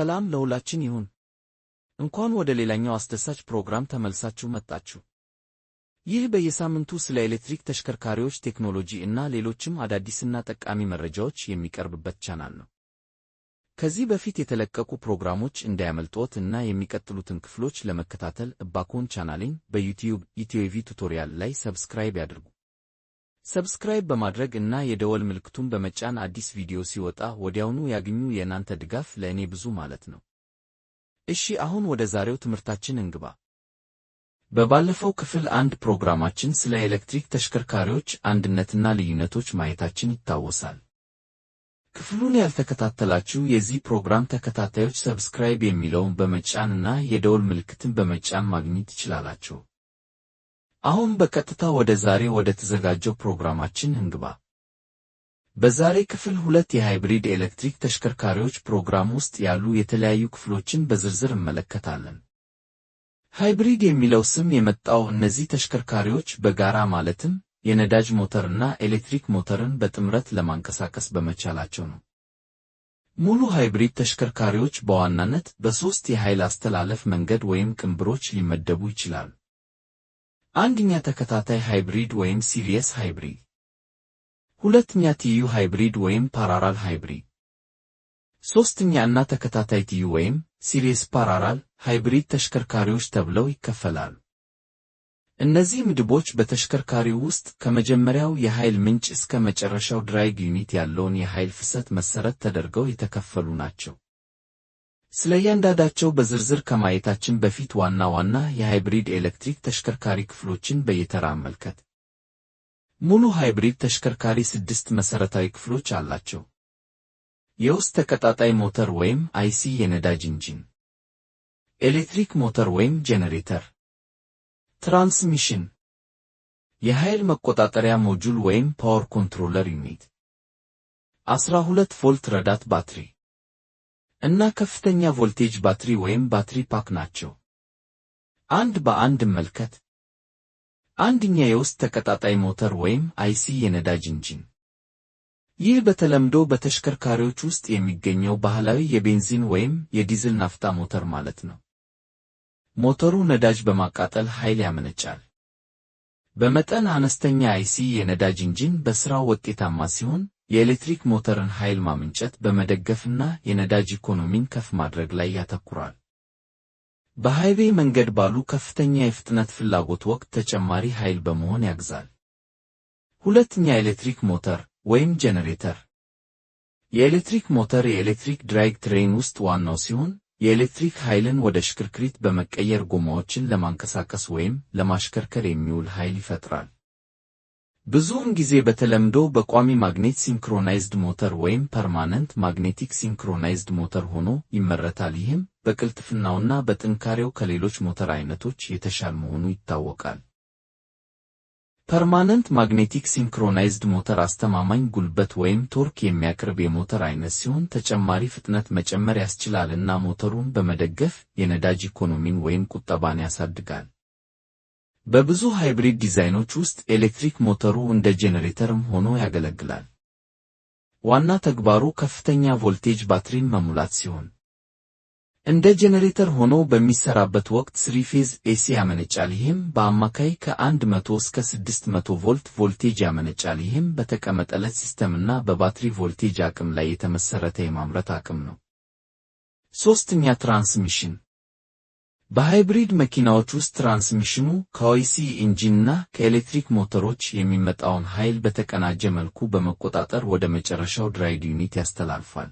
ሰላም ለሁላችን ይሁን። እንኳን ወደ ሌላኛው አስደሳች ፕሮግራም ተመልሳችሁ መጣችሁ። ይህ በየሳምንቱ ስለ ኤሌክትሪክ ተሽከርካሪዎች ቴክኖሎጂ እና ሌሎችም አዳዲስና ጠቃሚ መረጃዎች የሚቀርብበት ቻናል ነው። ከዚህ በፊት የተለቀቁ ፕሮግራሞች እንዳያመልጦት እና የሚቀጥሉትን ክፍሎች ለመከታተል እባኮን ቻናሌን በዩቲዩብ ኢትዮኤቪ ቱቶሪያል ላይ ሰብስክራይብ ያድርጉ። ሰብስክራይብ በማድረግ እና የደወል ምልክቱን በመጫን አዲስ ቪዲዮ ሲወጣ ወዲያውኑ ያግኙ። የእናንተ ድጋፍ ለእኔ ብዙ ማለት ነው። እሺ አሁን ወደ ዛሬው ትምህርታችን እንግባ። በባለፈው ክፍል አንድ ፕሮግራማችን ስለ ኤሌክትሪክ ተሽከርካሪዎች አንድነትና ልዩነቶች ማየታችን ይታወሳል። ክፍሉን ያልተከታተላችሁ የዚህ ፕሮግራም ተከታታዮች ሰብስክራይብ የሚለውን በመጫን እና የደወል ምልክትን በመጫን ማግኘት ትችላላችሁ። አሁን በቀጥታ ወደ ዛሬ ወደ ተዘጋጀው ፕሮግራማችን እንግባ። በዛሬ ክፍል ሁለት የሃይብሪድ ኤሌክትሪክ ተሽከርካሪዎች ፕሮግራም ውስጥ ያሉ የተለያዩ ክፍሎችን በዝርዝር እንመለከታለን። ሃይብሪድ የሚለው ስም የመጣው እነዚህ ተሽከርካሪዎች በጋራ ማለትም የነዳጅ ሞተርና ኤሌክትሪክ ሞተርን በጥምረት ለማንቀሳቀስ በመቻላቸው ነው። ሙሉ ሃይብሪድ ተሽከርካሪዎች በዋናነት በሦስት የኃይል አስተላለፍ መንገድ ወይም ቅንብሮች ሊመደቡ ይችላሉ። አንደኛ ተከታታይ ሃይብሪድ ወይም ሲሪየስ ሃይብሪድ፣ ሁለተኛ ቲዩ ሃይብሪድ ወይም ፓራራል ሃይብሪድ፣ ሶስተኛ እና ተከታታይ ቲዩ ወይም ሲሪየስ ፓራራል ሃይብሪድ ተሽከርካሪዎች ተብለው ይከፈላሉ። እነዚህ ምድቦች በተሽከርካሪው ውስጥ ከመጀመሪያው የኃይል ምንጭ እስከ መጨረሻው ድራይግ ዩኒት ያለውን የኃይል ፍሰት መሰረት ተደርገው የተከፈሉ ናቸው። ስለ እያንዳንዳቸው በዝርዝር ከማየታችን በፊት ዋና ዋና የሃይብሪድ ኤሌክትሪክ ተሽከርካሪ ክፍሎችን በየተራ አመልከት። ሙሉ ሃይብሪድ ተሽከርካሪ ስድስት መሠረታዊ ክፍሎች አላቸው። የውስጥ ተቀጣጣይ ሞተር ወይም አይሲ የነዳጅ ኢንጂን፣ ኤሌክትሪክ ሞተር ወይም ጄኔሬተር፣ ትራንስሚሽን፣ የኃይል መቆጣጠሪያ ሞጁል ወይም ፓወር ኮንትሮለር ዩኒት፣ 12 ቮልት ረዳት ባትሪ እና ከፍተኛ ቮልቴጅ ባትሪ ወይም ባትሪ ፓክ ናቸው። አንድ በአንድ መልከት አንደኛ የውስጥ ተቀጣጣይ ሞተር ወይም አይሲ የነዳጅ ኢንጂን። ይህ በተለምዶ በተሽከርካሪዎች ውስጥ የሚገኘው ባህላዊ የቤንዚን ወይም የዲዝል ናፍታ ሞተር ማለት ነው። ሞተሩ ነዳጅ በማቃጠል ኃይል ያመነጫል። በመጠን አነስተኛ አይሲ የነዳጅ ኢንጂን በስራው ውጤታማ ሲሆን የኤሌክትሪክ ሞተርን ኃይል ማመንጨት በመደገፍና የነዳጅ ኢኮኖሚን ከፍ ማድረግ ላይ ያተኩራል። በሃይዌይ መንገድ ባሉ ከፍተኛ የፍጥነት ፍላጎት ወቅት ተጨማሪ ኃይል በመሆን ያግዛል። ሁለተኛ ኤሌክትሪክ ሞተር ወይም ጄኔሬተር። የኤሌክትሪክ ሞተር የኤሌክትሪክ ድራይቭ ትሬን ውስጥ ዋናው ሲሆን የኤሌክትሪክ ኃይልን ወደ ሽክርክሪት በመቀየር ጎማዎችን ለማንቀሳቀስ ወይም ለማሽከርከር የሚውል ኃይል ይፈጥራል። ብዙውን ጊዜ በተለምዶ በቋሚ ማግኔት ሲንክሮናይዝድ ሞተር ወይም ፐርማነንት ማግኔቲክ ሲንክሮናይዝድ ሞተር ሆኖ ይመረታል። ይህም በቅልጥፍናውና በጥንካሬው ከሌሎች ሞተር አይነቶች የተሻለ መሆኑ ይታወቃል። ፐርማነንት ማግኔቲክ ሲንክሮናይዝድ ሞተር አስተማማኝ ጉልበት ወይም ቶርክ የሚያቀርብ የሞተር አይነት ሲሆን ተጨማሪ ፍጥነት መጨመር ያስችላል እና ሞተሩን በመደገፍ የነዳጅ ኢኮኖሚን ወይም ቁጠባን ያሳድጋል። በብዙ ሃይብሪድ ዲዛይኖች ውስጥ ኤሌክትሪክ ሞተሩ እንደ ጄኔሬተርም ሆኖ ያገለግላል። ዋና ተግባሩ ከፍተኛ ቮልቴጅ ባትሪን መሙላት ሲሆን እንደ ጄኔሬተር ሆኖ በሚሰራበት ወቅት ስሪ ፌዝ ኤሲ ያመነጫል። ይህም በአማካይ ከ100 እስከ 600 ቮልት ቮልቴጅ ያመነጫል። ይህም በተቀመጠለት ሲስተምና በባትሪ ቮልቴጅ አቅም ላይ የተመሰረተ የማምረት አቅም ነው። ሶስተኛ ትራንስሚሽን በሃይብሪድ መኪናዎች ውስጥ ትራንስሚሽኑ ኢንጂን ኢንጂንና ከኤሌክትሪክ ሞተሮች የሚመጣውን ኃይል በተቀናጀ መልኩ በመቆጣጠር ወደ መጨረሻው ድራይድ ዩኒት ያስተላልፋል።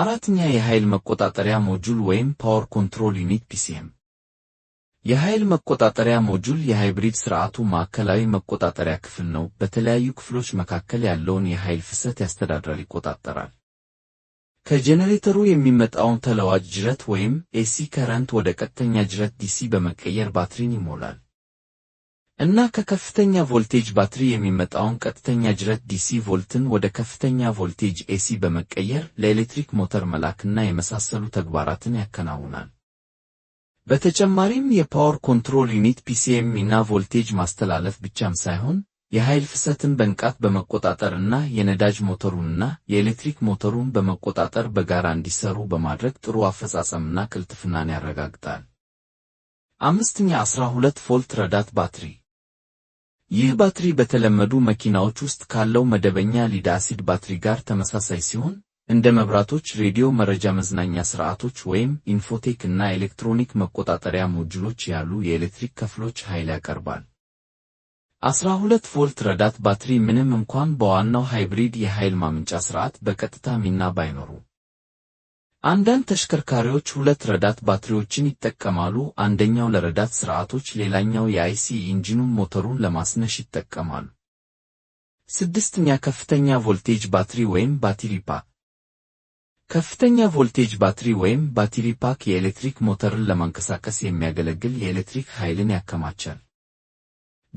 አራተኛ የኃይል መቆጣጠሪያ ሞጁል ወይም ፓወር ኮንትሮል ዩኒት ፒሲኤም። የኃይል መቆጣጠሪያ ሞጁል የሃይብሪድ ስርዓቱ ማዕከላዊ መቆጣጠሪያ ክፍል ነው። በተለያዩ ክፍሎች መካከል ያለውን የኃይል ፍሰት ያስተዳድራል፣ ይቆጣጠራል። ከጄኔሬተሩ የሚመጣውን ተለዋጅ ጅረት ወይም ኤሲ ከረንት ወደ ቀጥተኛ ጅረት ዲሲ በመቀየር ባትሪን ይሞላል እና ከከፍተኛ ቮልቴጅ ባትሪ የሚመጣውን ቀጥተኛ ጅረት ዲሲ ቮልትን ወደ ከፍተኛ ቮልቴጅ ኤሲ በመቀየር ለኤሌክትሪክ ሞተር መላክና የመሳሰሉ ተግባራትን ያከናውናል። በተጨማሪም የፓወር ኮንትሮል ዩኒት ፒሲኤም ሚና ቮልቴጅ ማስተላለፍ ብቻም ሳይሆን የኃይል ፍሰትን በንቃት በመቆጣጠር እና የነዳጅ ሞተሩንና የኤሌክትሪክ ሞተሩን በመቆጣጠር በጋራ እንዲሰሩ በማድረግ ጥሩ አፈጻጸምና ቅልጥፍናን ያረጋግጣል። አምስተኛ 12 ቮልት ረዳት ባትሪ። ይህ ባትሪ በተለመዱ መኪናዎች ውስጥ ካለው መደበኛ ሊድ አሲድ ባትሪ ጋር ተመሳሳይ ሲሆን እንደ መብራቶች፣ ሬዲዮ፣ መረጃ መዝናኛ ስርዓቶች ወይም ኢንፎቴክ እና ኤሌክትሮኒክ መቆጣጠሪያ ሞጁሎች ያሉ የኤሌክትሪክ ክፍሎች ኃይል ያቀርባል። 12 ቮልት ረዳት ባትሪ ምንም እንኳን በዋናው ሃይብሪድ የኃይል ማመንጫ ስርዓት በቀጥታ ሚና ባይኖሩ፣ አንዳንድ ተሽከርካሪዎች ሁለት ረዳት ባትሪዎችን ይጠቀማሉ። አንደኛው ለረዳት ስርዓቶች፣ ሌላኛው የአይሲ ኢንጂኑን ሞተሩን ለማስነሽ ይጠቀማሉ። ስድስተኛ ከፍተኛ ቮልቴጅ ባትሪ ወይም ባትሪ ፓክ ከፍተኛ ቮልቴጅ ባትሪ ወይም ባትሪ ፓክ የኤሌክትሪክ ሞተርን ለማንቀሳቀስ የሚያገለግል የኤሌክትሪክ ኃይልን ያከማቻል።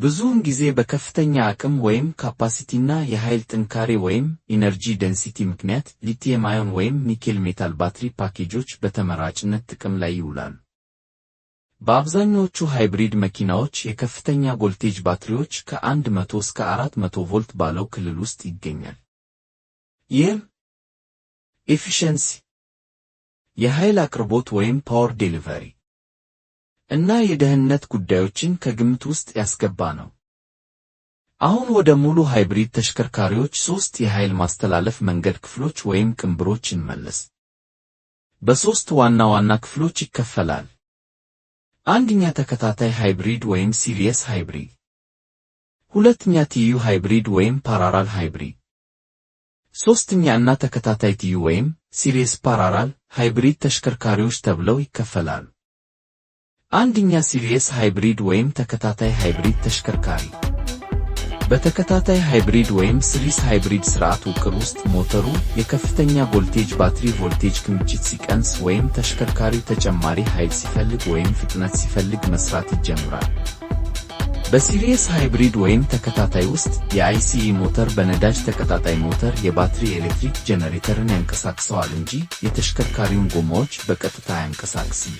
ብዙውን ጊዜ በከፍተኛ አቅም ወይም ካፓሲቲና የኃይል ጥንካሬ ወይም ኢነርጂ ደንሲቲ ምክንያት ሊቲየም አዮን ወይም ኒኬል ሜታል ባትሪ ፓኬጆች በተመራጭነት ጥቅም ላይ ይውላሉ። በአብዛኛዎቹ ሃይብሪድ መኪናዎች የከፍተኛ ቮልቴጅ ባትሪዎች ከ100 እስከ 400 ቮልት ባለው ክልል ውስጥ ይገኛል። ይህም ኤፊሽንሲ፣ የኃይል አቅርቦት ወይም ፓወር ዴሊቨሪ እና የደህንነት ጉዳዮችን ከግምት ውስጥ ያስገባ ነው። አሁን ወደ ሙሉ ሃይብሪድ ተሽከርካሪዎች ሶስት የኃይል ማስተላለፍ መንገድ ክፍሎች ወይም ቅንብሮች እንመለስ። በሶስት ዋና ዋና ክፍሎች ይከፈላል። አንደኛ ተከታታይ ሃይብሪድ ወይም ሲሪየስ ሃይብሪድ፣ ሁለተኛ ትዩ ሃይብሪድ ወይም ፓራራል ሃይብሪድ፣ ሶስተኛ እና ተከታታይ ትዩ ወይም ሲሪየስ ፓራራል ሃይብሪድ ተሽከርካሪዎች ተብለው ይከፈላሉ። አንደኛ ሲሪየስ ሃይብሪድ ወይም ተከታታይ ሃይብሪድ ተሽከርካሪ በተከታታይ ሃይብሪድ ወይም ሲሪስ ሃይብሪድ ስርዓት ውቅር ውስጥ ሞተሩ የከፍተኛ ቮልቴጅ ባትሪ ቮልቴጅ ክምችት ሲቀንስ ወይም ተሽከርካሪው ተጨማሪ ኃይል ሲፈልግ ወይም ፍጥነት ሲፈልግ መስራት ይጀምራል። በሲሪየስ ሃይብሪድ ወይም ተከታታይ ውስጥ የአይሲኢ ሞተር በነዳጅ ተቀጣጣይ ሞተር የባትሪ ኤሌክትሪክ ጄኔሬተርን ያንቀሳቅሰዋል እንጂ የተሽከርካሪውን ጎማዎች በቀጥታ አያንቀሳቅስም።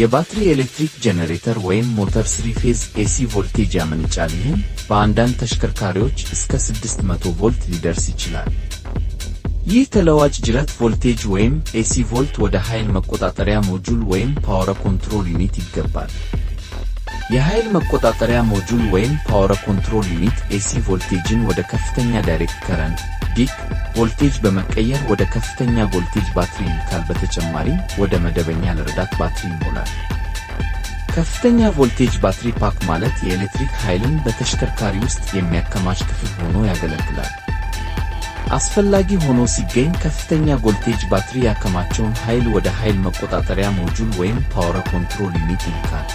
የባትሪ ኤሌክትሪክ ጄኔሬተር ወይም ሞተር ስሪ ፌዝ ኤሲ ቮልቴጅ ያመንጫል። ይህም በአንዳንድ ተሽከርካሪዎች እስከ 600 ቮልት ሊደርስ ይችላል። ይህ ተለዋጭ ጅረት ቮልቴጅ ወይም ኤሲ ቮልት ወደ ኃይል መቆጣጠሪያ ሞጁል ወይም ፓወር ኮንትሮል ዩኒት ይገባል። የኃይል መቆጣጠሪያ ሞጁል ወይም ፓወር ኮንትሮል ዩኒት ኤሲ ቮልቴጅን ወደ ከፍተኛ ዳይሬክት ከረንት ዲክ ቮልቴጅ በመቀየር ወደ ከፍተኛ ቮልቴጅ ባትሪ ይልካል። በተጨማሪ ወደ መደበኛ ለረዳት ባትሪ ይሞላል። ከፍተኛ ቮልቴጅ ባትሪ ፓክ ማለት የኤሌክትሪክ ኃይልን በተሽከርካሪ ውስጥ የሚያከማች ክፍል ሆኖ ያገለግላል። አስፈላጊ ሆኖ ሲገኝ ከፍተኛ ቮልቴጅ ባትሪ ያከማቸውን ኃይል ወደ ኃይል መቆጣጠሪያ ሞጁል ወይም ፓወር ኮንትሮል ዩኒት ይልካል።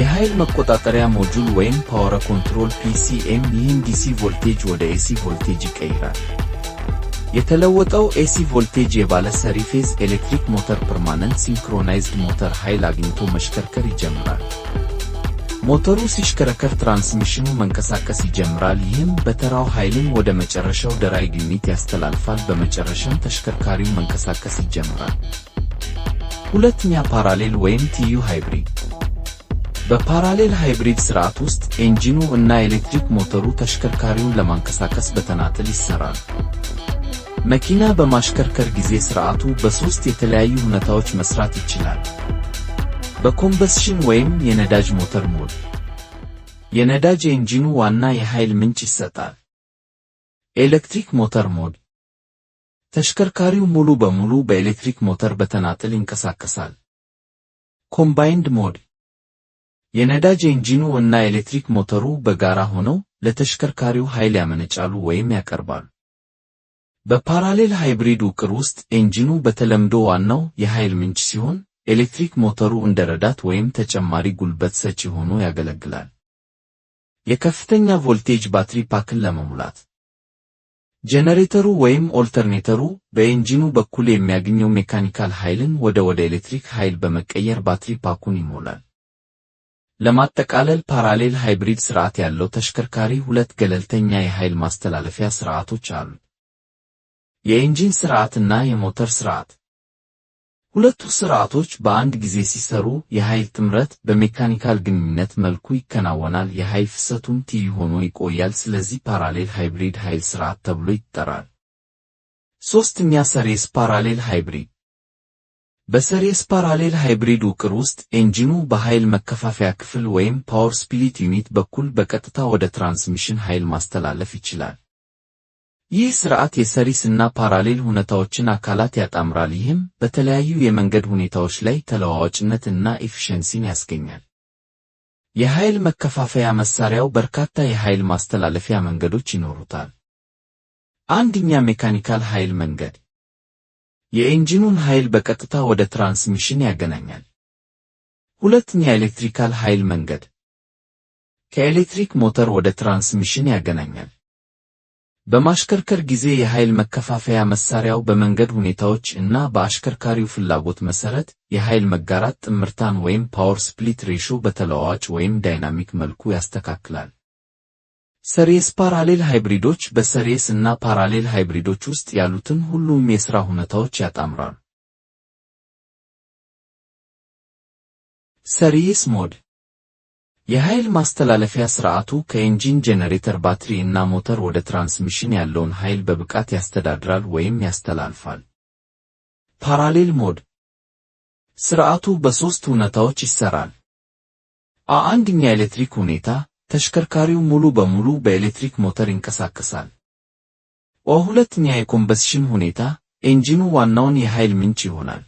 የኃይል መቆጣጠሪያ ሞጁል ወይም ፓወር ኮንትሮል ፒሲኤም ይህን ዲሲ ቮልቴጅ ወደ ኤሲ ቮልቴጅ ይቀይራል። የተለወጠው ኤሲ ቮልቴጅ የባለ ሰሪ ፌዝ ኤሌክትሪክ ሞተር ፐርማነንት ሲንክሮናይዝድ ሞተር ኃይል አግኝቶ መሽከርከር ይጀምራል። ሞተሩ ሲሽከረከር ትራንስሚሽኑ መንቀሳቀስ ይጀምራል። ይህም በተራው ኃይልን ወደ መጨረሻው ድራይቭ ዩኒት ያስተላልፋል። በመጨረሻም ተሽከርካሪው መንቀሳቀስ ይጀምራል። ሁለተኛ ፓራሌል ወይም ቲዩ ሃይብሪድ። በፓራሌል ሃይብሪድ ስርዓት ውስጥ ኤንጂኑ እና ኤሌክትሪክ ሞተሩ ተሽከርካሪውን ለማንቀሳቀስ በተናጠል ይሰራል። መኪና በማሽከርከር ጊዜ ስርዓቱ በሶስት የተለያዩ ሁኔታዎች መስራት ይችላል። በኮምበስሽን ወይም የነዳጅ ሞተር ሞድ፣ የነዳጅ ኢንጂኑ ዋና የኃይል ምንጭ ይሰጣል። ኤሌክትሪክ ሞተር ሞድ፣ ተሽከርካሪው ሙሉ በሙሉ በኤሌክትሪክ ሞተር በተናጥል ይንቀሳቀሳል። ኮምባይንድ ሞድ፣ የነዳጅ ኢንጂኑ እና ኤሌክትሪክ ሞተሩ በጋራ ሆነው ለተሽከርካሪው ኃይል ያመነጫሉ ወይም ያቀርባሉ። በፓራሌል ሃይብሪድ ውቅር ውስጥ ኢንጂኑ በተለምዶ ዋናው የኃይል ምንጭ ሲሆን ኤሌክትሪክ ሞተሩ እንደ ረዳት ወይም ተጨማሪ ጉልበት ሰጪ ሆኖ ያገለግላል። የከፍተኛ ቮልቴጅ ባትሪ ፓክን ለመሙላት ጄኔሬተሩ ወይም ኦልተርኔተሩ በኢንጂኑ በኩል የሚያገኘው ሜካኒካል ኃይልን ወደ ወደ ኤሌክትሪክ ኃይል በመቀየር ባትሪ ፓኩን ይሞላል። ለማጠቃለል ፓራሌል ሃይብሪድ ስርዓት ያለው ተሽከርካሪ ሁለት ገለልተኛ የኃይል ማስተላለፊያ ስርዓቶች አሉት። የኢንጂን ስርዓትና የሞተር ስርዓት። ሁለቱ ስርዓቶች በአንድ ጊዜ ሲሰሩ የኃይል ትምረት በሜካኒካል ግንኙነት መልኩ ይከናወናል። የኃይል ፍሰቱም ቲዩ ሆኖ ይቆያል። ስለዚህ ፓራሌል ሃይብሪድ ኃይል ስርዓት ተብሎ ይጠራል። ሶስተኛ ሰሬስ ፓራሌል ሃይብሪድ በሰሬስ ፓራሌል ሃይብሪድ ውቅር ውስጥ ኢንጂኑ በኃይል መከፋፈያ ክፍል ወይም ፓወር ስፕሊት ዩኒት በኩል በቀጥታ ወደ ትራንስሚሽን ኃይል ማስተላለፍ ይችላል። ይህ ሥርዓት የሰሪስና ፓራሌል ሁኔታዎችን አካላት ያጣምራል። ይህም በተለያዩ የመንገድ ሁኔታዎች ላይ ተለዋዋጭነት እና ኤፊሸንሲን ያስገኛል። የኃይል መከፋፈያ መሳሪያው በርካታ የኃይል ማስተላለፊያ መንገዶች ይኖሩታል። አንደኛ፣ ሜካኒካል ኃይል መንገድ የኢንጂኑን ኃይል በቀጥታ ወደ ትራንስሚሽን ያገናኛል። ሁለተኛ፣ ኤሌክትሪካል ኃይል መንገድ ከኤሌክትሪክ ሞተር ወደ ትራንስሚሽን ያገናኛል። በማሽከርከር ጊዜ የኃይል መከፋፈያ መሳሪያው በመንገድ ሁኔታዎች እና በአሽከርካሪው ፍላጎት መሰረት የኃይል መጋራት ጥምርታን ወይም ፓወር ስፕሊት ሬሾ በተለዋዋጭ ወይም ዳይናሚክ መልኩ ያስተካክላል። ሰሪስ ፓራሌል ሃይብሪዶች በሰሪስ እና ፓራሌል ሃይብሪዶች ውስጥ ያሉትን ሁሉም የሥራ ሁኔታዎች ያጣምራሉ። ሰሬስ ሞድ የኃይል ማስተላለፊያ ሥርዓቱ ከኢንጂን፣ ጄኔሬተር፣ ባትሪ እና ሞተር ወደ ትራንስሚሽን ያለውን ኃይል በብቃት ያስተዳድራል ወይም ያስተላልፋል። ፓራሌል ሞድ ሥርዓቱ በሦስት ሁኔታዎች ይሠራል። አንደኛ፣ የኤሌክትሪክ ሁኔታ ተሽከርካሪው ሙሉ በሙሉ በኤሌክትሪክ ሞተር ይንቀሳቀሳል። ሁለተኛ፣ የኮምበስሽን ሁኔታ ኢንጂኑ ዋናውን የኃይል ምንጭ ይሆናል።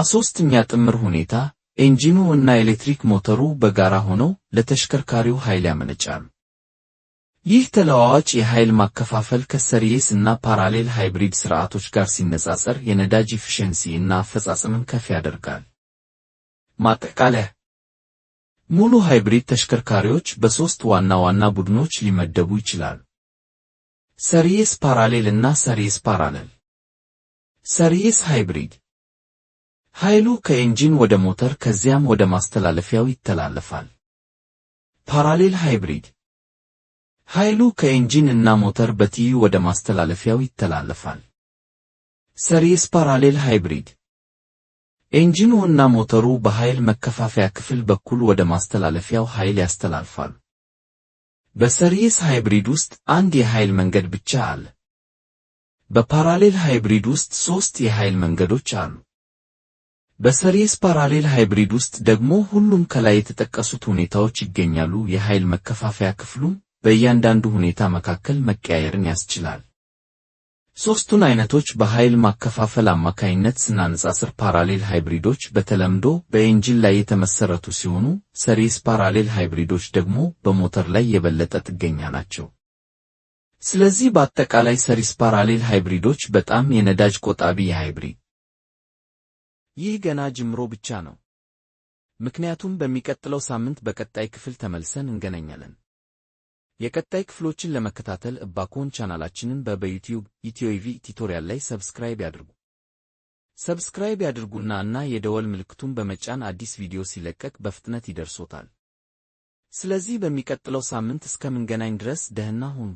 አሶስተኛ ጥምር ሁኔታ ኢንጂኑ እና ኤሌክትሪክ ሞተሩ በጋራ ሆነው ለተሽከርካሪው ኃይል ያመነጫሉ። ይህ ተለዋዋጭ የኃይል ማከፋፈል ከሰሪየስ እና ፓራሌል ሃይብሪድ ስርዓቶች ጋር ሲነጻጸር የነዳጅ ኢፊሽንሲ እና አፈጻጸምን ከፍ ያደርጋል። ማጠቃለያ ሙሉ ሃይብሪድ ተሽከርካሪዎች በሦስት ዋና ዋና ቡድኖች ሊመደቡ ይችላሉ። ሰሪየስ ፓራሌል እና ሰሪየስ ፓራሌል፣ ሰሪየስ ሃይብሪድ ኃይሉ ከኢንጂን ወደ ሞተር ከዚያም ወደ ማስተላለፊያው ይተላለፋል። ፓራሌል ሃይብሪድ ኃይሉ ከኢንጂን እና ሞተር በትይዩ ወደ ማስተላለፊያው ይተላለፋል። ሰሪስ ፓራሌል ሃይብሪድ ኢንጂኑ እና ሞተሩ በኃይል መከፋፈያ ክፍል በኩል ወደ ማስተላለፊያው ኃይል ያስተላልፋሉ። በሰሪስ ሃይብሪድ ውስጥ አንድ የኃይል መንገድ ብቻ አለ። በፓራሌል ሃይብሪድ ውስጥ ሦስት የኃይል መንገዶች አሉ። በሰሪስ ፓራሌል ሃይብሪድ ውስጥ ደግሞ ሁሉም ከላይ የተጠቀሱት ሁኔታዎች ይገኛሉ። የኃይል መከፋፈያ ክፍሉም በእያንዳንዱ ሁኔታ መካከል መቀያየርን ያስችላል። ሦስቱን አይነቶች በኃይል ማከፋፈል አማካይነት ስናነጻጽር ፓራሌል ሃይብሪዶች በተለምዶ በኢንጂን ላይ የተመሰረቱ ሲሆኑ፣ ሰሪስ ፓራሌል ሃይብሪዶች ደግሞ በሞተር ላይ የበለጠ ጥገኛ ናቸው። ስለዚህ በአጠቃላይ ሰሪስ ፓራሌል ሃይብሪዶች በጣም የነዳጅ ቆጣቢ የሃይብሪድ ይህ ገና ጅምሮ ብቻ ነው። ምክንያቱም በሚቀጥለው ሳምንት በቀጣይ ክፍል ተመልሰን እንገናኛለን። የቀጣይ ክፍሎችን ለመከታተል እባክዎን ቻናላችንን በበዩቲዩብ ኢትዮኢቪ ቲቶሪያል ላይ ሰብስክራይብ ያድርጉ። ሰብስክራይብ ያድርጉና እና የደወል ምልክቱን በመጫን አዲስ ቪዲዮ ሲለቀቅ በፍጥነት ይደርሶታል። ስለዚህ በሚቀጥለው ሳምንት እስከምንገናኝ ድረስ ደህና ሁኑ።